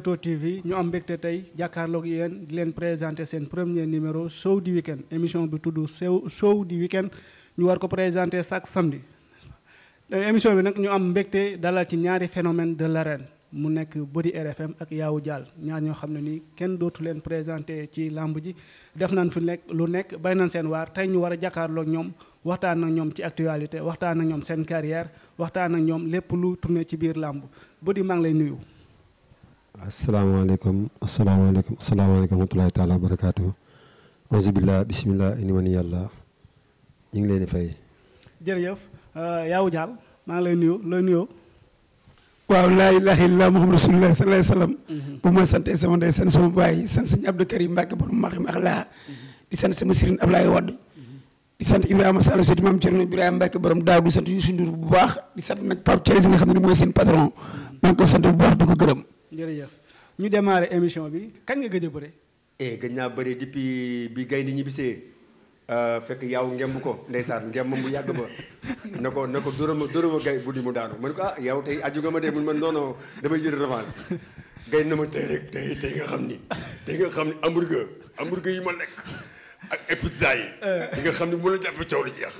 Leewtoo TV ñu am mbégte tey jàkkaarloog yéen di leen présenté seen premier numéro show du week-end émission bi tudd show show du week ñu war ko présenté sac samedi. Euh, émission bi nag ñu am mbégte dalal ci ñaari phénomène de l'arène mu nekk Body RFM ak Yawou Dial ñaar ñoo xam ne nii kenn dootu leen présenté ci làmb ji def nañ fi nekk lu nekk bay nañ seen waar tey ñu war a jàkkaarloog ñoom waxtaan ak ñoom ci actualité waxtaan ak ñoom seen carrière waxtaan ak ñoom lépp lu tourné ci biir làmb Body maa ngi lay nuyu. asalaamaaleykum asalaamaaleykum asalaamaaleykum wa rahmatulahi taala wa barakaatu. auzu billah ñu ngi leen di fay. jërëjëf euh, Yawou Dial maa lay nuyoo looy nuyoo. waaw laa ilaaha illallaah Muhammadu rasuulullaahi sallallaahu alayhi wa sallam. Mhm. bu ma sante sama ndey sant sama baay sant sëñ Abdou Karim Mbàkke borom Maxrim ak laa. Mhm. di sant sama sëriñ Ablaye Wadd. Mhm. di sant Ibrahima Sall seeti maam sant bu baax di sant nag Pape Thiel si ko sant bu baax di ko gërëm. jërëjëf ñu démarré émission bi kañ nga gëj a bëre. eh gëj naa bëre depuis bi gaynde ñibbisee euh, fekk yaaw ngemb ko ndey ndeysaan ngemb mu yàgg ba na ko na ko dóorama dóorama gay buddi mu daanu man ko ah yow tey aju nga ma dee mun man non non damay jër revanche gay na ma tey rek tey tey nga xam ni tey nga xam ni hamburger hamburger yi ma lekk. ak épizaa yi. Eh. di nga xam ne bu la jàppee coow lu jeex.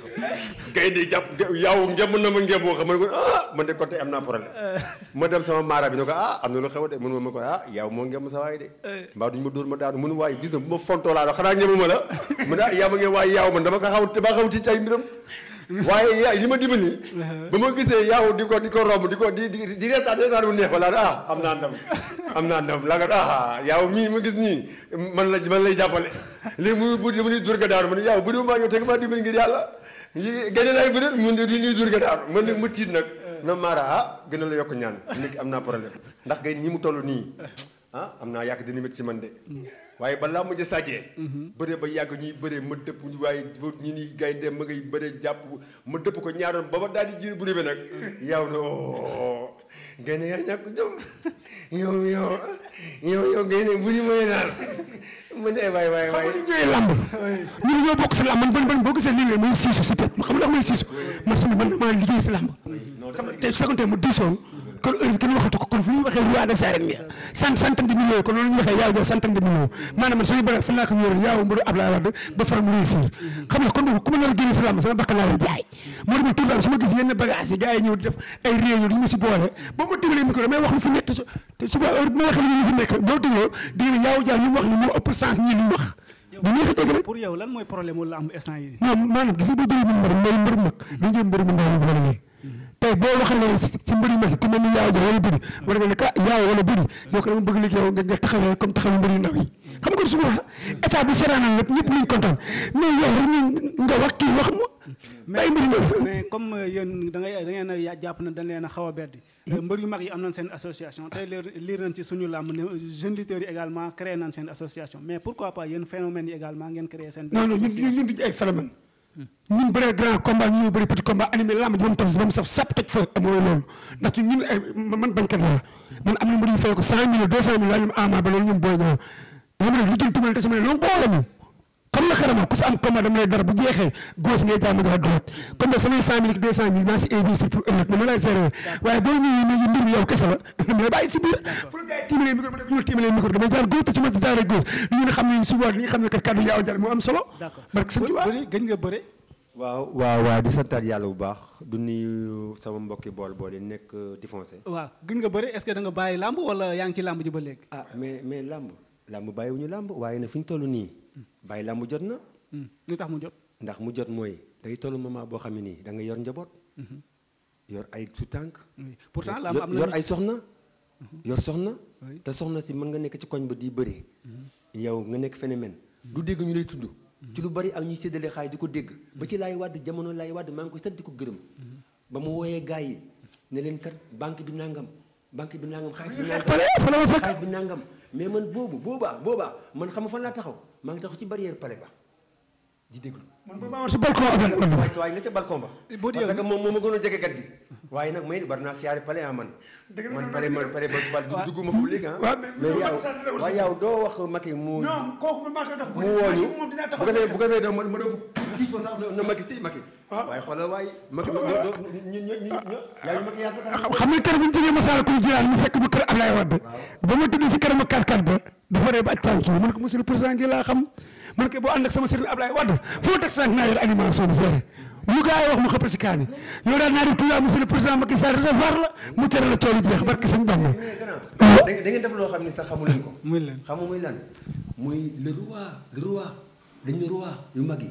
gay jàpp yow ngem na ma ngem boo xam ne ah ne de côté am naa problème. Eh. ma dem sama maara bi ne ko ah am na lu xew de mun ma ma ko ah yow moo ngem sa waay de. Eh. mbaa duñ ma dóor ma daanu mun waaye gis na bu ma fontoo laa la xanaa ngemu ma la mu ne ah yaa ma ngeen waaye yaaw man dama ko xaw dama xaw ci ay mbiram. waaye yaa li ma dimbali. Uh-huh. ba ma gisee yow di ko di ko romb di ko di di di reetaan reetaan bu neex wala ah am naa ndam am naa ndam laa nga ah yow mii ma gis nii man la man lay jàppale léegi muy bu mu nuy durga daanu ma ne yow bu dee maa ñëw maa dimbali ngir yàlla gën laay bu dee mu di ñuy durga man nag ma tiit nag na uh-huh. maara ah gën a la yokk ñaan léegi am naa problème ndax gay ñi mu toll nii ah am naa yàq dina métti si man de mm. waaye balaa mujj sàjjee mhm. bëre ba yàgg ñuy bëre ma dëpp waaye ñu ni gay dem ma ngay bëre jàpp ma dëpp ko ñaaroon ba ma daal di jiir bu bi nag mhm. yaaw ne o oh, ngay ne yow yow yow yow ngay waay waay waay xam nga ñooy làmb ñun ñoo bokk si làmb man ban boo gisee liggéey mooy siisu si pet xam nga mooy liggéey si làmb sama tey su ma diisoon kon heure kenn waxatu ko kon fu ñu waxee roi des arènes ya sant santam di million kon loolu ñu ma nar a génne si làmb sama bakkan gis yi bu ma a dégg rek mooy problème wala am instant yi non maanaam gis nga boo jëlee mbir mag mbir mag tey boo waxalee ci mbëri mag ku mel ni yaaw jox wala bëri war nga ne ka yaaw wala bëri yow ko dama bëgg liggéey nga nga comme taxawee mbëri ndaw yi xam nga wax kii wax mu bàyyi mbëri na dañ leen a xaw a beddi mbër yu mag yi am nañ seen association tey liir nañ ci suñu làmb ne jeunes lutteurs yi également créé nañ seen association mais pourquoi pas yéen phénomène yi également ngeen créé seen non non ñun bëree grand combat ñu bëri petit combat animé lamb ji ba mu taf ba mu saf sap toj loolu ndax ci ñun eh, man bañkat la man am na mbir yu fay ko cent mille deux cent mille ah, loolu ñoom booy ñëw dama ne li jëntuma te sama ne loolu koo lañu comme la xarama am combat dama lay dara bu jeexee gauche ngay jàmm dara droite boo ñëwee ñu ma def ñu tiimalee micro damay xam ne suba li nga xam ne kat kàddu yaa jàll moo am solo barke sëñ Tuubaa gën nga bëre waaw waaw waaw di santaat yàlla bu baax du nuyu sama mbokki bool bool yi nekk euh, di foncé waaw gën nga bëre est-ce que da nga bàyyi làmb wala yaa ngi ci làmb ji ba léegi ah mais mais làmb làmb bàyyiwuñu làmb waaye na fi ñu toll nii bàyyi laa mu jot na. Hmm. lu tax mu jot. ndax mu jot mooy day tollu moment boo xam ne nii da nga yor njaboot. Hmm. yor ay tu tànk. pourtant la am yor ay soxna. Hmm. yor soxna. te soxna si mën nga nekk ci koñ ba di bëri. yow nga nekk phénomène. du dégg ñu lay tudd. ci lu bari ak ñuy séddale xaalis di ko dégg. ba ci laay wàdd jamono laay wàdd maa ngi koy sant di ko gërëm. ba mu wooyee gars yi ne leen kat banque bi nàngam banque bi nangam xaalis bi eh, nàngam mais man boobu boobaa boobaa man xam fan laa taxaw. maa ngi tax ci barrière palais ba di déglu. man bu ma amoon si balcon ba. waaye nga ca balcon ba. boo ma gënoon jege gat gi. waaye nag may bari naa siyaare pale ah man. pale man pale bal dugguma fu léegi ah. mais yow waaye doo wax Macky mu. mu wooñu bu ko defee ma ma doon kii na Macky ci Macky. Ah. waaye ma doo ñu ñu ñu yaa ngi Macky mu fekk mu kër Ablaye Wade. waaw ba ma tudd ba dafa ree ba aj mu ne ko monsieur le man kay boo ànd ak sama sëriñ Ablaye Wade foo teg fenk naa yor animation bi seere lu gars yi wax mu xëpp si kaani yow daal naa di tuuti mu tere la coono jeex barke sëñ Bamba. da ngeen muy lan yu mag yi.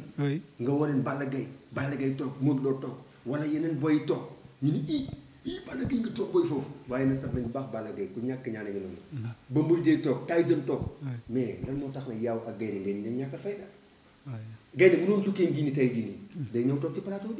nga wane Balla Gaye Balla Gaye toog Modou Lo toog wala yeneen boy toog ñu ni i ii Balla Gaye na sax nañu baax Balla Gaye ku ñàkk ñaane nga noonu ba Modou Dieye toog mais moo tax ne yaaw ak gaynde ngeen ne ñàkk fayda gaynde bu noonu ni tey jii nii mm. day ñëw toog ci plateau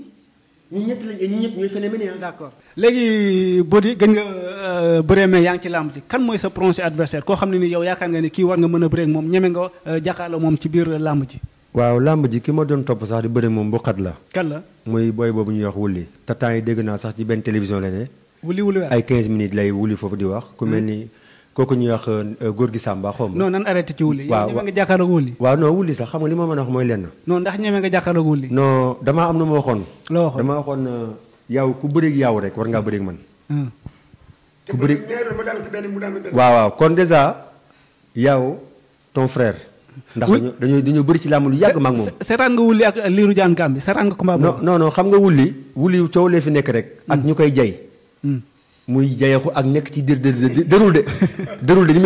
ñu ñett lañ ñëpp ñooy phénomène ah. d' accord léegi Bodi gën nga euh, bëree mais yaa ngi ci làmb ji kan mooy sa prononcé adversaire koo xam ne ni yow yaakaar nga ni kii war nga mën a bëree moom ñeme nga euh, jàkkaarloo moom ci biir làmb ji waaw làmb ji ki ma doon topp sax di bëri moom mbuqat la. kan la muy booy boobu ñuy wax wulli te temps yi dégg naa sax ci benn télévision la ne. wulli wulli ay 15 minutes lay wulli foofu di wax ku mel ni. kooku ñuy wax euh, góor gi Samba xaw ma. non nan arrêté ci wulli. waaw ñeme nga jàkkaarloog wulli. waaw non wulli sax xam nga li ma mën a wax mooy lenn. non ndax ñeme nga jàkkaarloog wulli. non damaa am na ma waxoon. loo waxoon damaa waxoon euh, yow ku bëreeg yaw rek war ngaa bëreeg man. Ah. ku bëreeg. waaw waaw kon déjà yow ndax dañoo dañoo bëri ci làmb lu yàgg mag moom seetaan nga wulli ak liiru jaan Gàmbi seetaan nga combat non non non xam nga wulli wulli coow lee fi nekk rek ak mm. ñu koy jay mm. muy jayaxu ak nekk ci dër dër dërul de dërul de ni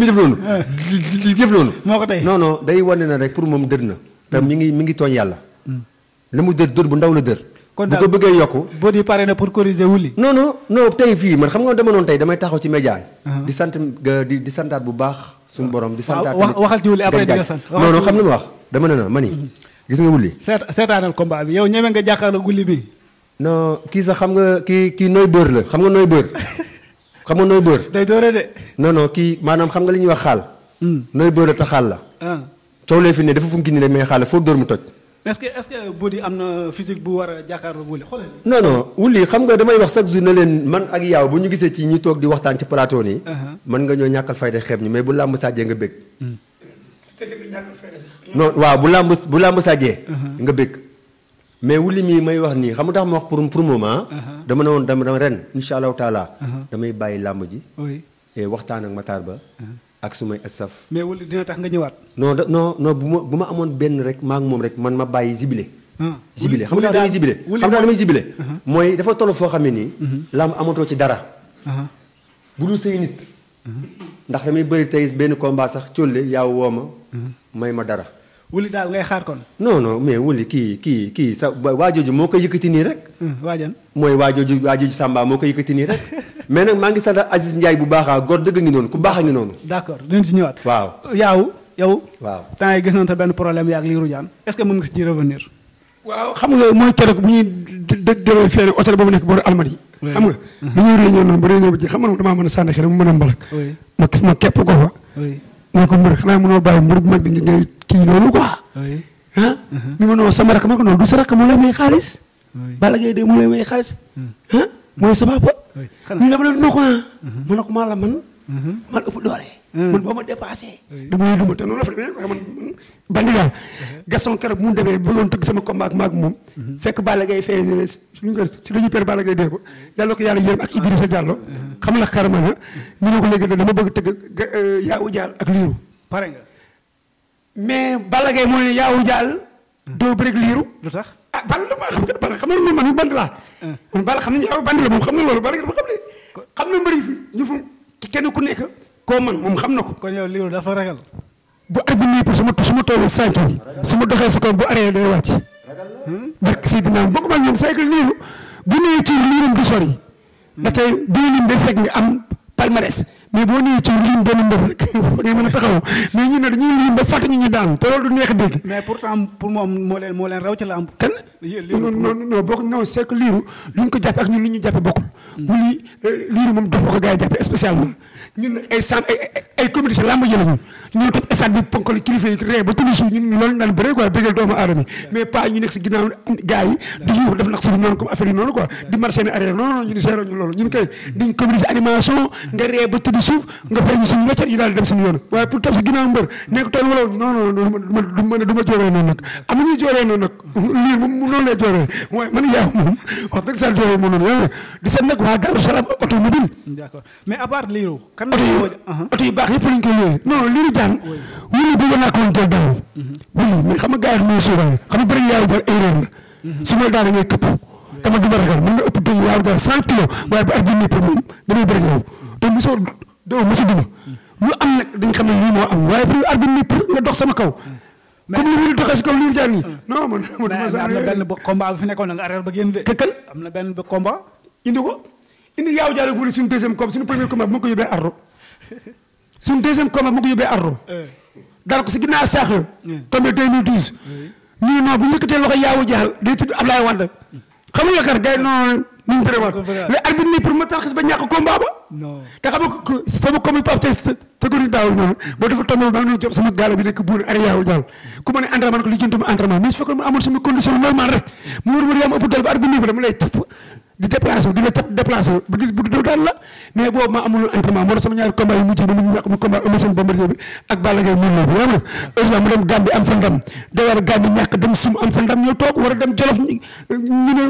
mi def loonu di def loonu moo ko tey non non day wane rek pour moom dër na te mm. mi ngi mi ngi tooñ yàlla la mu dër dër bu ndaw la dër kon daal bu ko bëggee yokku boo yi pare na pour corriger wulli non non non tey fii man xam nga dama noonu tey damay taxaw ci média uh-huh. di di santaat bu baax suñu boroom bi santaat tamit waxal ci wulli après di nga sant xam na ma wax dama ne na ma ni mhm. gis nga wulli seet seetaanal combat bi yow ñeme nga jàkkaarloo wulli bi non kii sax xam nga kii kii nooy dóor la xam nga nooy dóor xam nga nooy dóor day dóore de non kii maanaam xam nga li ñuy wax xaal mm. nooy dóor la te xaal la ah. coow lee fi ne dafa funki ni rek mais xaal la foo dóor mu toj mais est-ce que est-ce am na physique bu war a jàkkaarloo Wouly xoolal. non non xam nga damay wax chaque jour ne leen man ak yaaw bu ñu gisee ci ñu toog di waxtaan ci plateau nii. Uh-huh. mën nga ñoo ñàkkal fayda xeeb ñu mais bu làmb sàjjee nga bëgg. te hmm. waaw bu làmb bu làmb sàjjee. Uh-huh. nga bëgg. mais Wouly mii may wax nii xam nga tax ma wax pour pour moment. Ah? Uh-huh. dama ne woon dama ren incha allahu taala. damay bàyyi làmb ji. waxtaan ak Matar Ba. ak sumay staff. mais wala dina tax nga ñëwaat. non non non bu ma bu ma amoon benn rek maa ngi moom rek man ma bàyyi zibile. Ah, zibile xam nga damay zibile xam nga damay mooy dafa toll foo xam ne nii. Uh-huh. lam amatoo ci dara. Uh-huh. bu dul say nit. Uh-huh. ndax damay bëri tey benn combat sax colle yaaw woo ma. may ma dara. daal ngay xaar kon. noo non mais wuli kii kii kii sa waajooju moo koy yëkkati nii rek. waajan mooy waajooju waajooju Samba moo ko yëkkati nii rek. mais nag maa ngi sant Aziz Ndiaye bu baax a góor dëgg ngi noonu ku baax a ngi noonu. d' accord dinañ si ñëwaat. waaw yaaw yow. waaw temps yi gis nañu benn problème yaa ak Lirou Diane est ce que mën nga si revenir. waaw xam nga mooy keroog bu ñuy dé déggee fii rek hôtel boobu nekk booru Almadies. xam nga lu mm-hmm. ñuy réunion noonu ba réunion bi ci xam nga damaa mën a sànni xel mu mën a mbalak. ma kii ma képp ko fa. ne ko mbër xanaa mënoo bàyyi mbër bu mag bi ngay kii noonu quoi. ah. mi mënoo sama rakk ma ko noonu du sa rakk moo lay may xaalis. Balla Gaye de moo lay may xaalis. ah mooy sa papa ñu dama leen noko ma mhm. a ko maa la man mhm. man ëpp doole mhm. man boo ma dépassé dama lay duma te noonu la fa demee waaye man bandigal gaston keroog mu demee bëggoon tëgg sama combat ak maag moom fekk Balla Gaye fee ne euh, suñu nga si dañuy per Balla Gaye dee ko yàlla ko yàlla yërëm ak Idrissa Diallo xam la xarama na ñu ne ko léegi dama bëgg tëgg euh, yaawu jaal ak liiru pare mais Balla Gaye moo ne yaawu jaal doo bëri ak liiru Balla la ma xam nga Balla xam nga man man bandi laa. man Balla xam nañu ba bandi la moom xam nga loolu Balla nga xam ne. na mbëri fi ñu fu kenn ku nekk koo man moom xam na ko. kon yow Lirou dafa ragal. bu at bi nii su ma su ma toolee sànq yi su ma doxee si kaw bu aree day wàcc. barke si ginnaaw bokk ma ñoom cycle Lirou bu ñëwee ci liiram du sori. ndaxte bii lim de fekk nga am palmarès mais boo ñëwee ci lim benn mbër rek foo ñu ne dañuy lim ba fàtte ñu ñu daan te loolu du neex dégg. mais pourtant pour moom moo leen moo leen raw ci la am kenn. liiru non non bokk non c'est liiru lu ko jàppee ak ñun li ñu jàppee bokkul. Hmm. mu lii euh, liiru moom dafa ko gaa yi jàppee spécialement. ñun ay san ay ay communauté lamb jëlaguñ ñun toj stade ba tudd si ñun loolu daan bëree quoi bëggal doomu aadama ñu nekk si ginnaaw gars yi di yuuf def nag suñu nekk waaye man automobile mais à part liiru kan oto yu baax yëpp lañ koy loué non li ñu jaan wuli bi nga nakkoon jël daaw mhm. wuli mais xam nga gars yi mooy suuraay xam nga bëri yaaw jar da ma ragal mën nga ëpp dëgg yaaw jar cent kilos waaye bu at bi nii pour moom damay bëri yow te mosoo sama kaw comme li wuli doxee si kaw li ñu jaan nii ah. non man na benn combat bu fi nekkoon nga arrière ba génn de te indi yaaw jaare guule suñu deuxième combat suñu premier combat bu ma ko yóbbee arro eh. eh. eh. bu ne non bu ñu yëkkatee loxo yaawu jaal day tudd Ablaye Wade xam nga yaakaar ni ñu bëriwaat mais arbitre nii pour ma tal xis ba ñàkk combat ba te xam nga sama combat Pape Thiès tëggoon condition normal rek mu war ma am ëpp dal ba arbitre nii ba dama lay topp di déplacé wu di gis bu du daan la mais boobu maa amul entraînement moo tax sama ñaari combat yu mujj yi mu ñàkk mu combat Eumeu Sène Bombardier bi ak Balla Gaye la am fa ndam day war a Gambie ñàkk dem a dem Jolof ñu ne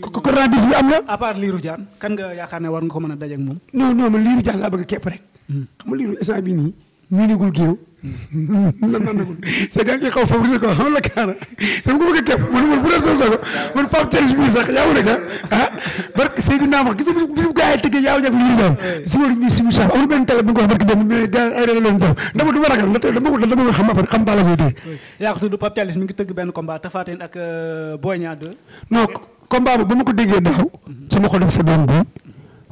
ko am na à part Lirou Diane kan nga yaakaar ne war nga ko mën a daje ak moom non non man Lirou Diane laa bëgg a rek hmm. xam nga Lirou instant bi nii nii nigul géew nan nan nagul sa gaa ngi xaw favoriser ko xam la kaana sama ko bëgg a képp man man bu dee sama sago man Pape Thierno bi sax yaa wone ka ah barke Seydina ma gis nga bis bu gaa yi tëggee yaa ñak lii daal siwar ñi simu sax amul benn télé bu nga ko wax barke dem mais gaa ay rek leen def du ma ko dama ko xam après xam baa la dee yaa ko tudd Pape Thierno mi ngi tëgg benn combat Tapha Tine ak euh, Boy Niang 2 non combat ba ma ko déggee daaw sama xol def sa doom bi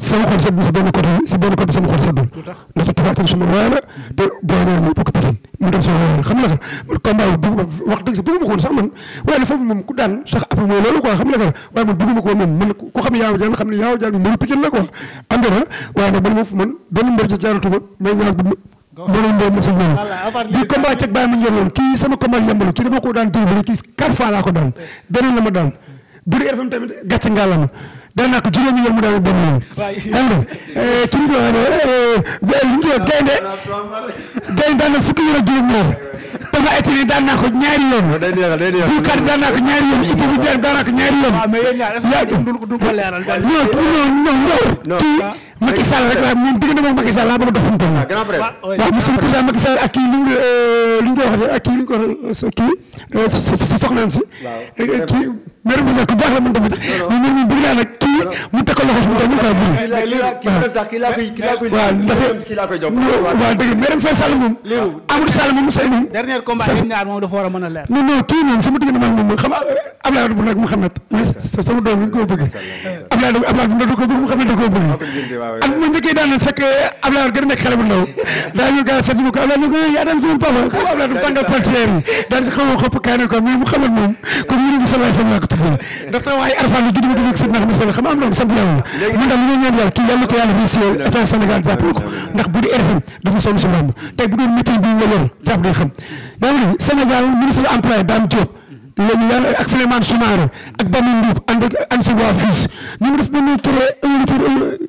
sama xol sedd si benn côté si benn côté sama xol seddul ndax tafaatin suma waay la te boo ñaan ñu bokk pikin mu doon sama waay la xam nga man combat bi wax dëgg si bëgguma ko woon sax man waaye la foofu moom ku daan sax après mooy loolu quoi xam nga la waaye man bëgguma ko woon moom man ku xam yaaw jaan xam ne yaaw jaan bi mbiru pikin la quoi am na waaye nag man moom man benn mbër ji jaaratuma mais ñaar bu mënoon mbër ma sa ñëw di combat ceeg bàyyi mu njëriñ loolu kii sama combat yembalu kii dama ko daan jël ba kii quatre fois laa ko daan beneen la ma daan bu dee RFM tamit gàcce ngaa la ma daanaka juróomi yoon mu daal benn yoon. Eh, xam eh, eh, nga ki ñu ko waxee li ñu ko gaynde gaynde daan na fukki yoon ak juróom ñaar dafa étiré daan na ko ñaari yoon. bu kat daan naa ko ñaari yoon itti bu jaar daan naa ko ñaari yoon. waaw mais yéen ñaar est-ce que duñ ko leeral. non non Macky Sall rek laa moom diggante moom Macky Sall laa bëgg a dox fu mu toll waaw monsieur le ah, président Macky Sall ak kii liñ liñ euh, koy wax ak kii liñ ko wax kii euh, soxnaam si euh, kii maire Moussa ku baax la man tamit mais man moom bëgg naa nag kii mu teg ko loxo fu mu toll quoi bëgg waaw ndax waaw dëgg maire Faye Sall moom ah, Amadou Sall moom Moussa moom dernier combat ñoom ñaar moom dafa war a mën a leer non non kii moom sama diggante maag moom xam Ablaye Wade bu nag Mouhamed sama doom mi ngi ko bëgg Ablaye Ablaye bu nag ko bëgg Mouhamed da ko bëgg at mu njëkkee daan na fekk Abdoulaye Wade gën a nekk xale bu ndaw daa ñu gaa seetlu ko Abdoulaye ñu ko yaa daan suñu papa comme Abdoulaye du tàngal frontière yi daal si xaw a xopp kaane ko mais mu xamal moom comme yéen a ngi salaay salaam laa ko tuddee ndax taw ay arfan la judd ma dugg sëñ Ahmed Sall xam am na sant yàlla man daal li may ñaan yàlla kii yàlla ko yàlla réussir état Sénégal jàppale ko ndax bu di RFM dafa sonn si ndàmb tey bu doon métier bi nga yor jàpp day xam yaa ngi Sénégal ministre emploi Dame Diop léegi yàlla ak Souleymane Soumaré ak Bamine Ndoub ànd ak ANSECOA fils ñu def benn créé un litre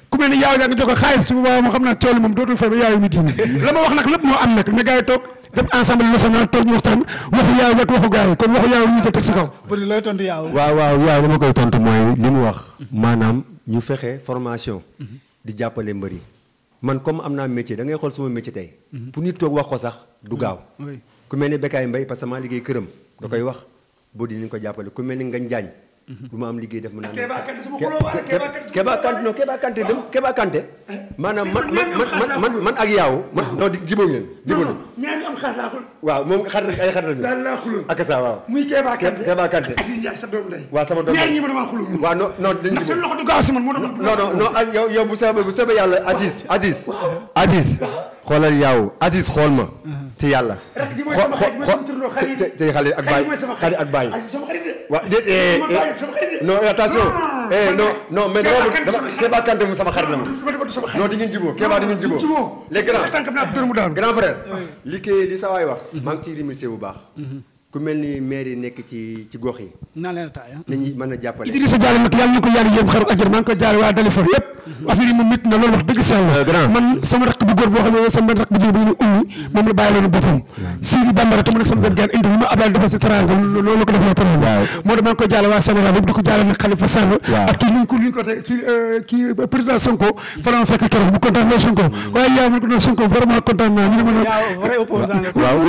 ku mel ni yaaw yaa ngi jox ko xaalis su boobaa moom xam naa tool moom dootul fay ba yaayu mu diine la ma wax nag lépp moo am nag ne gars yi toog def ensemble national toog nag li waaw waaw koy tontu mooy mu wax. maanaam ñu fexe formation. di jàppale mbër yi. man comme am naa métier dangay ngay xool suma métier tey. Mhm. pour nit toog wax ko sax du gaaw. ku mel ni Bécaye Mbaye parce que maa liggéey këram. da koy wax boo di ni ko jàppale ku mel ni Ngagne Diagne du ma am liggéey def ma naan. Keba Kanté non Keba Kanté dem Keba Kanté. Eh, maanaam man man man ak yaaw man non di jiboo ngeen. jiboo waaw moom xar ay xar lañu. daal laa xulóom ak sa waaw. muy Keba Kanté sa doom sama doom waa ñaar ñi ma damaa xulóom. bu soobee bu soobee yàlla Aziz Aziz Aziz xoolal yaaw Aziz xool ma. ci yàlla. rakk ji mooy sama xarit mooy sama turandoo xarit te te xale ak baay xarit ak baay. Aziz sama xarit de. waaw déet eh, non eh, attention. non non eh, mais dama dama Kéba Kanté mu sama xarit la ma. non di ngeen jubóo Kéba di ngeen jubóo. jubóo léegi grand grand frère. li kay li sa waay wax. maa ngi ciy bu baax. ku mel ni maire yi nekk ci ci gox yi. naa leen taaya. Ah. nañu mën a jàppale. Idrissa Diallo nag yàlla na ko yàlla yóbbu xaru àjjana maa ngi koy jaare waa Dalifort yëpp. Mhm. affaire yi moom métti na loolu wax dëgg si yàlla. Euh, man sama rakk bu góor boo xam ne sama rakk bu jigéen bu ñu ummi moom la bàyyi leen boppam. Sidi Bambara te mu nekk sama benn gaan indi lu ma Ablaye dafa si teraanga loolu la ko defee teraanga. waaw moo tax maa ngi koy jaale waa Sénégal yëpp di ko jaale nag Khalifa Sall. waaw ak kii nu ñu ko nu ñu ko tey euh, kii euh, président Sonko. fa la ma fekk keroog bu kontaan na Sonko. Mm. waaye yaa ma ne ko Sonko vraiment kontaan naa ñu ne ma. waaw vrai opposant la. waaw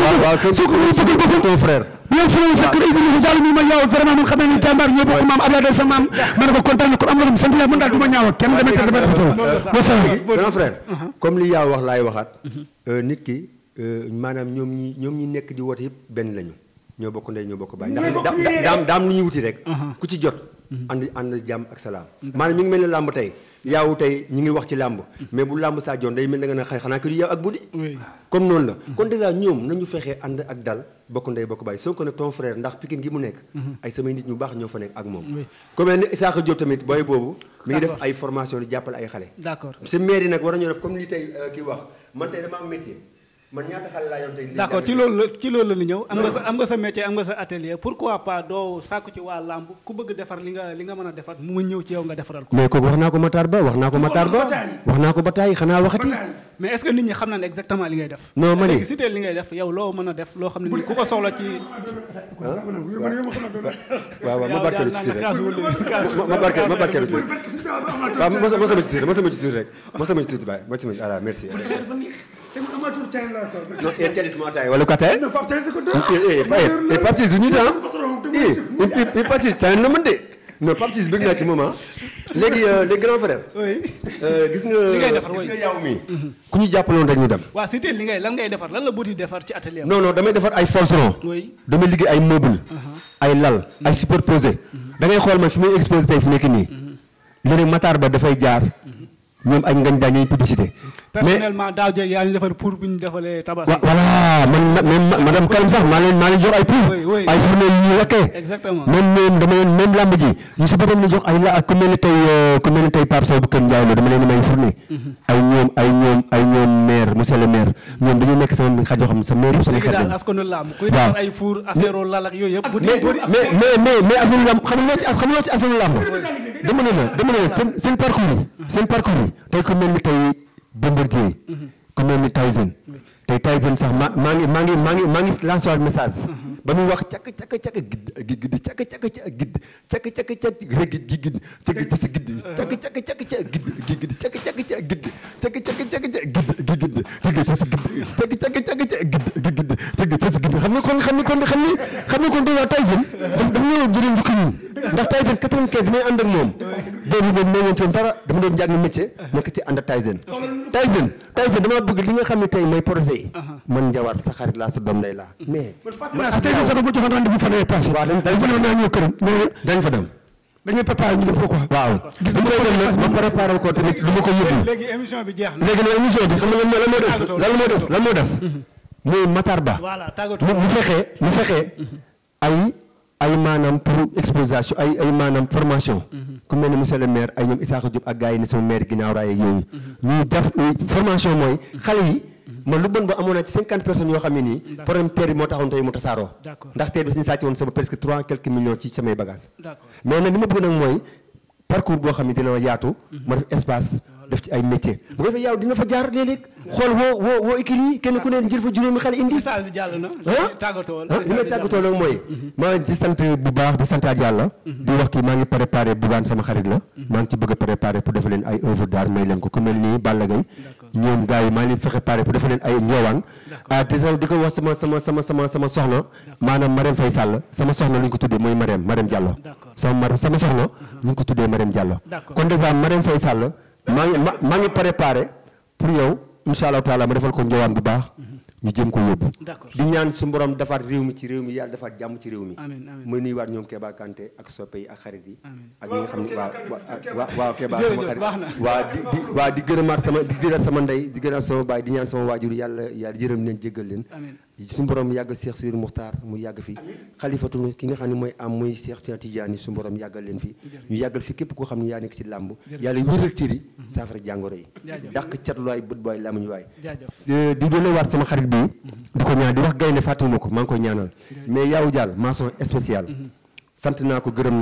waaw ko defal ton frère yow fu ñu fekk Idrissa Diallo mi ma yaaw vraiment mun xam ne ni jàmbaar ñoo bokk maam Abdoulaye sa maam ma ne ko kontaan kon am na xam sant yàlla mën daal du ma ñaaw ak kenn dama teg dama teg wasalaam grand frère comme li yaaw wax laay waxaat mhm. euh, nit ki euh, maanaam ñoom ñi ñoom ñi nekk di woote yëpp benn lañu ñoo bokk ndey ñoo bokk baay daam daam lu ñuy wuti rek mhm. ku ci jot mhm. ànd ànd jàmm ak salaam maanaam mi ngi mel ne làmb tey yaaw tey ñu ngi wax ci làmb mais bu làmb saa joon day mel na nga ne xay xanaa ki du yaaw ak buddi comme noonu la mm-hmm. kon déjà ñoom nañu fexee ànd ak dal bokk ndey bokk bàyyi soo ko nag ton frère ndax Pikine gi mu nekk mm-hmm. ay samay nit ñu baax ñoo fa nekk ak moom ku mel ni Isaaxa tamit booy boobu mi ngi def ay formation di jàppale ay xale d'accord si maire yi nag war nañoo def comme li tey euh, kii wax man tey dama am métier man ñaata xale laa yor tey d'accord ci loolu la ci loolu ñëw am nga sa am nga sa métier am nga sa atelier pourquoi pas doo sàkku ci waa làmb ku bëgg defar li nga li nga mën a defar mu ñëw ci yow nga defaral ko mais kooku wax naa ko Matar Ba wax naa ko Matar Ba wax naa ko bataay xanaa waxati mais est nit ñi xam nañ exactement li ngay def non ma ne cité li ngay def yow loo mën a def loo xam ne ni ku ko soxla ci waaw ma barkeelu ci rek ma barkeelu ma barkeelu ma sama ci rek ma sama ci rek ma sama ci wala ko tey. non Pape Thiané ko doon. mais Pape Thiané suñu temps. la mën de. non Pape Thiané bëgg naa ci moment ah. léegi euh, les grands frères. oui euh, gis nga. li ngay defar gis nga yow mii. Mhm. ku ñu jàppaloon rek ñu dem. waa si tey li ngay lan ngay defar lan la buuti defar ci atelier non non damay defar ay forcerons. oui damay liggéey ay meubles. Mhm. ay lal ay superposés. Mhm. da ngay xool man fi muy exposé tey fi nekk nii. léegi Matar ba dafay jaar. ñoom ak ngañ daañu publicité personnellement daaw jéeg yaa ñu defar pour bu ñu defalee tabaski. voilà man même madame Karim sax maa leen maa leen jox ay pour. ay fourneaux yu ñuy lakkee. exactement même même dama leen même làmb ji ñu si boppam ñu jox ay la ku mel ni tey euh, ku mel ni tey Pape Sow bu Kër Ndiaye la dama leen di may fourneaux. Mhm. ay ñoom ay ñoom ay ñoom maire monsieur le maire ñoom dañuy nekk sama xaj yoo xam ne sa maire. sama xarit lañu waaw ay four affaire lal ak yooyu yëpp. bu mais mais mais mais affaire làmb xam nga loo ci xam nga loo ci affaire làmb dama ne la dama ne la seen seen parcours yi seen parcours yi tey ku mel ni tey Bombardier ku mel ni Tyson tey Tyson sax maa maa ngi maa ngi maa ngi maa ngi lancé waat message ba muy wax cak cak cak gidd gidd cak cak cak gidd cak cak cak gidd gidd cak cak gidd cak cak cak gidd gidd cak cak cak gidd cak cak cak gidd gidd cak cak cak gidd gidd xam nga kon xam nga kon xam ni xam nga kon tey waa Tyson daf daf ñëw jëriñ njukkal ñun ndax Tyson 95 may ànd ak moom. boobu boobu moo woon ci dara dama doon jàng métier. nekk ci ànd ak Tyson. Tyson Tyson bëgg li nga xam ne tey mooy projet yi. Uh-huh. man Njawar sa xarit laa sa doom day laa. mais man sa Tyson sax dama joxoon rendez-vous fan yii passé. waaw gis nga koy dem ma mu fexee mu fexee ay. ay maanaam pour exposition ay ay maanaam formation mm-hmm. ku mel ni monsieur le maire ay ñoom Isaaxa Diop ak gars yi ne sama maire ginnaaw raay yooyu mm-hmm. ñuy def formation mooy mm-hmm. xale yi man lu bon ba amoon naa ci cinquante personnes yoo xam ne nii problème terre bi moo taxoon tey mu tasaaroo ndax terre bi suñu sàcc woon sama presque trois quelques millions ci samay bagages mais nag li ma bëgg nag mooy parcours boo xam ne dina yaatu ma def espace ah. def ci ay métier bu defee yaaw dina fa jaar léeg-léeg xool woo woo woo kenn ku neen jël fa juróomi xale indi message bi jàll tàggatoo li may tàggatoo nag mooy maa ngi ci sant bu baax di santaat yàlla mhm. di wax kii maa ngi préparé Bougane sama xarit la mhm. maa ngi ci bëgg a préparé pour leen ay œuvre leen ko ku mel nii Balla Gaye ñoom gars yi maa ngi fexe paré pour defa leen ay njoowaan ah déjà ko wax sama sama sama sama sama soxna maanaam Marème Faye Sall sama soxna lu ko tuddee mooy Marème Marème Diallo sama sama soxna mhm. ñu ngi ko tuddee Marème Diallo kon déjà Marème Faye Sall maa ngi ma maa ngi préparé pour yow incha allahu taala ma defal ko njowaan bu baax. ñu jëm ko yóbbu. di ñaan su borom defaat réew mi ci réew mi yàlla defaat jàmm ci réew mi. amiin amiin muy nuyuwaat ñoom Kéba Kanté ak soppe yi ak xarit yi. ak ñi nga xam ne waaw waaw waaw Kéba sama xarit. waa di di waa di gërëmaat sama di gërëmaat sama ndey di gërëmaat sama baay di ñaan sama waajur yàlla yàlla yërëm leen jéggal leen. suñu borom yàggal Cheikh Sidi Muxtaar mu yàgg fi xalifatul ki nga xam ne mooy am muy Cheikh Tina Tidiane suñu borom yàggal leen fi ñu yàggal fi képp koo xam ne yaa nekk ci làmb yàlla wéral cër yi saafara jàngoro yi dàq catluwaay bët waay làmmiñ waay di doole waat sama xarit bi mhm. di ko ñaan di wax gaynde fàttewuma ko maa ngi koy ñaanal mais yaaw jaal maçon spécial mhm. sant naa ko gërëm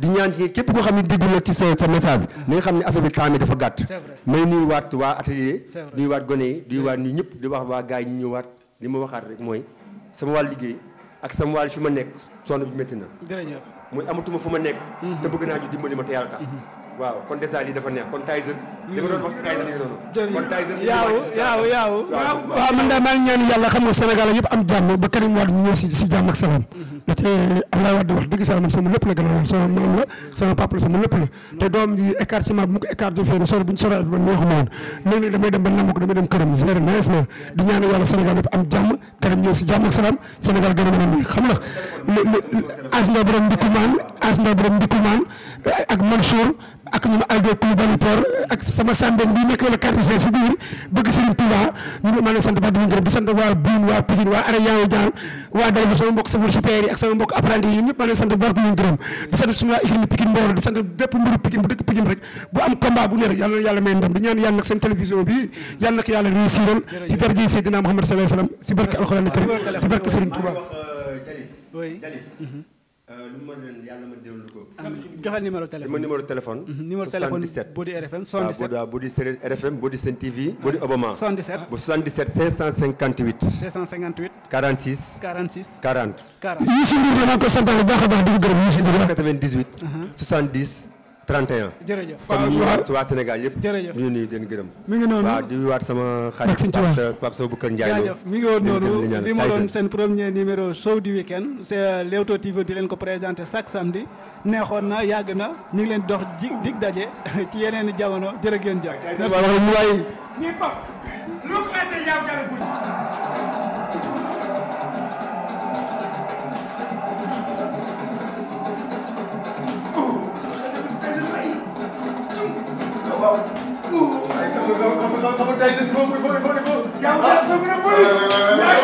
di ñaan ci képp koo xam ne déglu na ci sa message mhm. na nga xam ne affaire bi temps may nuyu waat waa atelier nuyu waat gone yi nuyu waat ñu ñëpp di wax waa gars ñu ñëwaat li ma waxaat rek mooy sama wàll liggéey ak sama wàll fi ma nekk sonn bi metti na. jërëjëf muy ma fu ma nekk. Mhm. te bëgg naa ñu dimbali ma te yàlla tax. Mhm. waaw kon dèjà lii dafa neex kon Tyson. li ma doon wax si Tyson yi noonu. kon Tyson yaaw yaaw yaaw waaw man daal maa ngi ñaan yàlla xam nga Sénégal yëpp am jàmm ba Karim Wade ñu ñëw si si jàmm ak salaam. Mhm. da cee Abdoulaye Wade wax dëgg sax man sama lépp la gën a lool sama maam la sama papa la sama lépp la te doom ji écartement bu mu ko écarté fee ne sori bu ñu ma woon léegi nag damay ba nangu ko damay dem këram zéro nees ma di ñaan yàlla Sénégal yëpp am jàmm këram ñëw si jàmm ak salaam Sénégal gën a mën a xam nga as ndaw borom ndikku ndikku maan ak Mansour ak ñoom Aldo Coulibaly Por ak sama sàmbeen bi nekk la quartier si biir bëgg Serigne Touba ñu ma leen sant ba di leen di sant waa Buun waa Pikine waa Araya Dial waa dal bi sama mbokk safar supérieur yi ak sama mbokk apprenti yi ñëpp maa leen sant bu baax di leen gërëm di sant suñu waa ikri Pikine Mboro di sant bépp mbiru Pikine bu dëkk Pikine rek bu am combat bu ne yàlla yàlla may ndam di ñaan yàlla nag seen télévision bi yàlla nag yàlla réussiral si darje Seydina Muhammad sallallahu alayhi wasallam si barke alxuraan karim si barke Serigne Touba mhm. lu euh, mu mën leen yàlla ma déwlu ko. joxe numéro téléphone ma numéro téléphone. Mhm, numéro téléphone 77 boo di RFM 77 waaw boo di Sénégal RFM boo di Sen TV ah. boo di Obama. 77 bu 77 558. 558. 46. 46 40. 40 Youssou Ndour la maa ngi ko santaale bu baax a baax di ko gërëm 31 jërëjëf comme ñu waat waa Sénégal yëpp jërëjëf ñu nuyu gërëm mi ngi noonu di waat sama xarit Pape Sow bu Kër Ndiaye mi ngi woon noonu li ma doon seen premier numéro show du week-end c'est euh, Leewtoo TV di leen ko présenté chaque samedi neexoon na yàgg na ñu ngi leen dox dig daje ci yeneen i jamono jërë ngeen jëf waay Come on, come on, Tyson. Move, move, move, move, move. Yeah, we're so good at